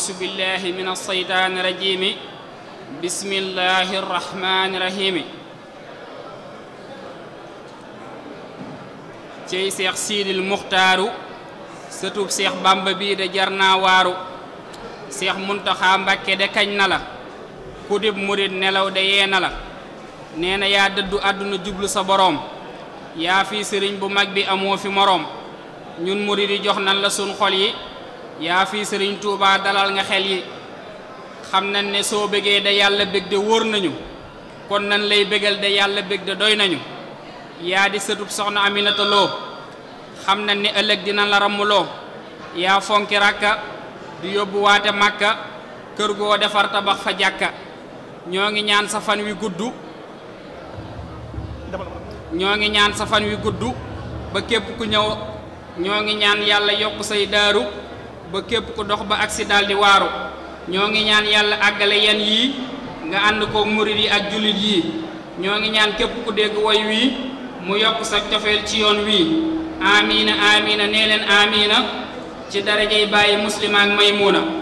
أعوذ بالله من الشيطان الرجيم بسم الله الرحمن الرحيم cey seex siidil muxtaaru sëtub seex bamba bii de jar naa waaru seex muntaxa mbàkke de kañ na la ku dib murit nelaw de yee na la nee na yaa dëddu àdduna jublu sa boroom yaa fii sëriñ bu mag bi amoo fi moroom ñun murit yi jox nan la sun xol yi yaa fii sëriñ Touba dalal nga xel yi xam ne so bëggee da yàlla bëgg de wor nañu kon nan lay bëggal de de doy nañu yaa di sëtub soxna Aminata Lo xam ne ëllëg dina la rammuloo yaa fonki rakka di yóbbu waate màkka kër goo defar tabax fa jàkka ñoo ñaan sa fan wi gudd ñoo ñaan sa fan wi gudd ba képp ku ñëw ñoo ñaan say ba képp ku dox ba agsi daldi waaru ñoo ngi ñaan yàlla àggale yan yii nga ànd ko murit yi ak jullit yi ñoo ngi ñaan képp ku dégg woy wii mu yokk sa cofeel ci yoon wii amiina amiina nee leen amiina ci darajey bàyyi muslim may maymuna